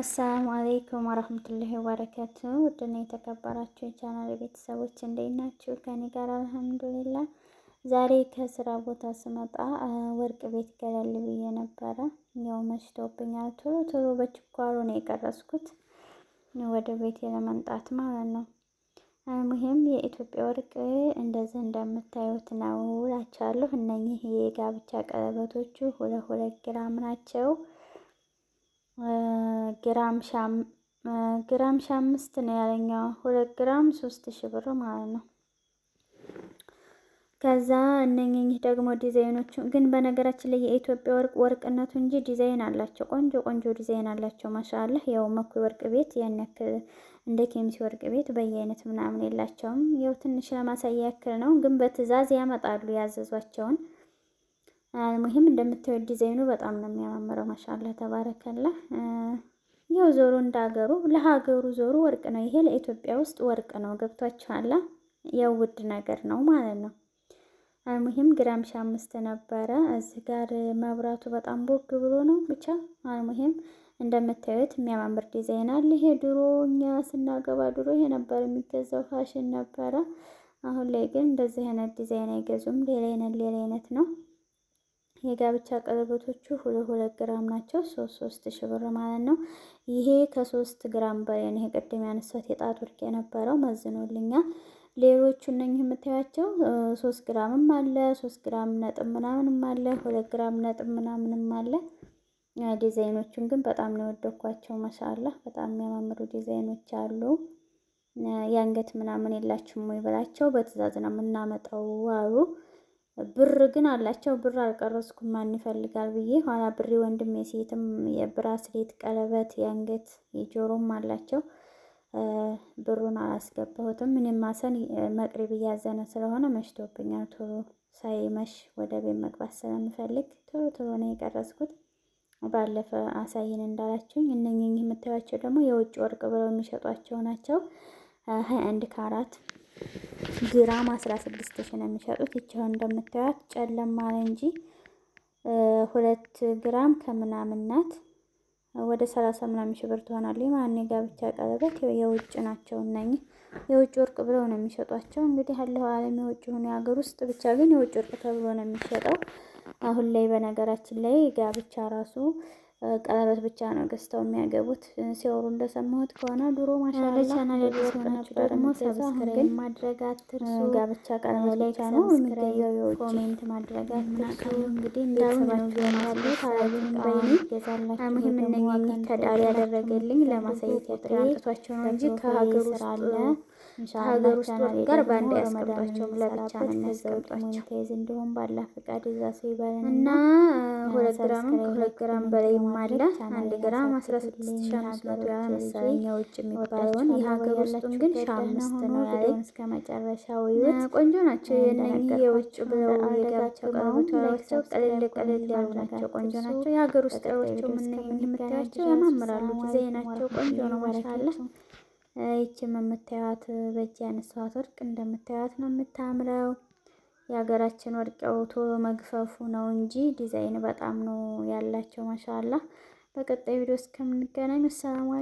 አሰላሙ አሌይኩም ወረህመቱላሂ ወበረካቱ። ውድና የተከበራችሁ የቻናል ቤተሰቦች እንዴት ናችሁ? ከኔ ጋር አልሐምዱሊላ። ዛሬ ከስራ ቦታ ስመጣ ወርቅ ቤት ገለል ብዬ ነበረ። ያው መሽቶብኛል። ቶሎ ቶሎ በችኳሉ ነው የቀረስኩት ወደ ቤቴ ለመምጣት ማለት ነው። ሙሄም የኢትዮጵያ ወርቅ እንደዚህ እንደምታዩት ነው እላችኋለሁ። እነኚህ የጋብቻ ቀለበቶቹ ሁለት ሁለት ግራም ናቸው። ግራም ሺ አምስት ነው ያለኛው ሁለት ግራም ሶስት ሺ ብር ማለት ነው። ከዛ እነኝህ ደግሞ ዲዛይኖቹ ግን በነገራችን ላይ የኢትዮጵያ ወርቅ ወርቅነቱ እንጂ ዲዛይን አላቸው። ቆንጆ ቆንጆ ዲዛይን አላቸው። ማሻአላህ ያው መኩ ወርቅ ቤት ያን ያክል እንደ ኬሚስ ወርቅ ቤት በየአይነት ምናምን የላቸውም። ያው ትንሽ ለማሳያ ያክል ነው። ግን በትዕዛዝ ያመጣሉ ያዘዟቸውን አልሙሂም እንደምታዩት ዲዛይኑ በጣም ነው የሚያማምረው። ማሻአላ ተባረከላ። ይኸው ዞሮ እንዳገሩ ለሀገሩ ዞሮ ወርቅ ነው። ይሄ ለኢትዮጵያ ውስጥ ወርቅ ነው። ገብቷችኋላ? ያው ውድ ነገር ነው ማለት ነው። አልሙሂም ግራም ሺህ አምስት ነበረ። እዚህ ጋር መብራቱ በጣም ቦግ ብሎ ነው። ብቻ አልሙሂም እንደምታዩት የሚያማምር ዲዛይን አለ። ይሄ ድሮ እኛ ስናገባ ድሮ ይሄ ነበር የሚገዛው፣ ፋሽን ነበረ። አሁን ላይ ግን እንደዚህ አይነት ዲዛይን አይገዙም። ሌላ አይነት ሌላ አይነት ነው። የጋብቻ ቀለበቶቹ ሁለት ሁለት ግራም ናቸው። ሶስት ሶስት ሺ ብር ማለት ነው። ይሄ ከሶስት ግራም በላይ ነው። ቅድም ያነሳት የጣት ወርቅ የነበረው መዝኖልኛል። ሌሎቹ እነኝህ የምታያቸው ሶስት ግራምም አለ፣ ሶስት ግራም ነጥብ ምናምንም አለ፣ ሁለት ግራም ነጥብ ምናምንም አለ። ዲዛይኖቹን ግን በጣም ነው የወደኳቸው። በጣም የሚያማምሩ ዲዛይኖች አሉ። የአንገት ምናምን የላችሁም ወይ ብላቸው በትእዛዝ ነው የምናመጣው አሉ። ብር ግን አላቸው። ብር አልቀረስኩም ማን ይፈልጋል ብዬ ኋላ ብሬ ወንድም የሴትም የብራስሌት፣ ቀለበት፣ የአንገት የጆሮም አላቸው። ብሩን አላስገባሁትም። ምንም ማሰን መቅረብ እያዘነ ስለሆነ መሽቶብኛል። ቶሎ ሳይመሽ ወደ ቤት መግባት ስለምፈልግ ቶሎ ቶሎ ነው የቀረስኩት። ባለፈ አሳይን እንዳላችሁኝ እነኚህ የምታዩቸው ደግሞ የውጭ ወርቅ ብለው የሚሸጧቸው ናቸው። ሀያ አንድ ካራት ግራም አስራ ስድስት ሺህ ነው የሚሸጡት። ይቻው እንደምታዩት ጨለማ ላይ እንጂ ሁለት ግራም ከምናምን ናት። ወደ ሰላሳ ምናምን ሺህ ብር ትሆናለች። ማን የጋብቻ ቀለበት የውጭ ናቸው እነኚህ የውጭ ወርቅ ብለው ነው የሚሸጧቸው። እንግዲህ አለሁ ዓለም የውጭ ሆነ የሀገር ውስጥ ብቻ ግን የውጭ ወርቅ ተብሎ ነው የሚሸጠው። አሁን ላይ በነገራችን ላይ ጋብቻ ራሱ ቀለበት ብቻ ነው ገዝተው የሚያገቡት ሲወሩ እንደሰማሁት ከሆነ ድሮ ደግሞ ሰብስክራይብ ጋብቻ ቀለበት ብቻ ነው የሚገዛው ኮሜንት ማድረጋት እንግዲህ ባይኒ ተዳሪ ያደረገልኝ ለማሳየት ያጥራጥቷቸው ነው እንጂ ከሀገር ውስጥ ከሀገር ውስጥ ወር ጋር በአንድ ያስቀምጧቸውም ብላቻ ነው የሚያስቀምጧቸው። እንዲሁም ባላ ፈቃድ እና ሁለት ግራም ከሁለት ግራም በላይ ማለ አንድ ግራም አስራ ስድስት ሺ አምስት መቶ ያህል መሰለኝ የውጭ የሚባለውን የሀገር ውስጡን ግን ሺ አምስት ነው ያለ እስከ መጨረሻ መጨረሻው ቆንጆ ናቸው የእነኚህ የውጭ ብለው የጋብቻ ቀለበት ወረቦቻቸው ቀለል ቀለል ያሉ ናቸው። ቆንጆ ናቸው። የሀገር ውስጥ ሮቹ ምንኝ የምታያቸው ያማምራሉ። ጊዜ ናቸው። ቆንጆ ነው። ማለት አለ ይችም የምታዩት በእጅ ያነሳኋት ወርቅ እንደምታዩት ነው የምታምረው። የሀገራችን ወርቅ ቶሎ መግፈፉ ነው እንጂ ዲዛይን በጣም ነው ያላቸው። ማሻላ በቀጣይ ቪዲዮ እስከምንገናኝ ሰላም።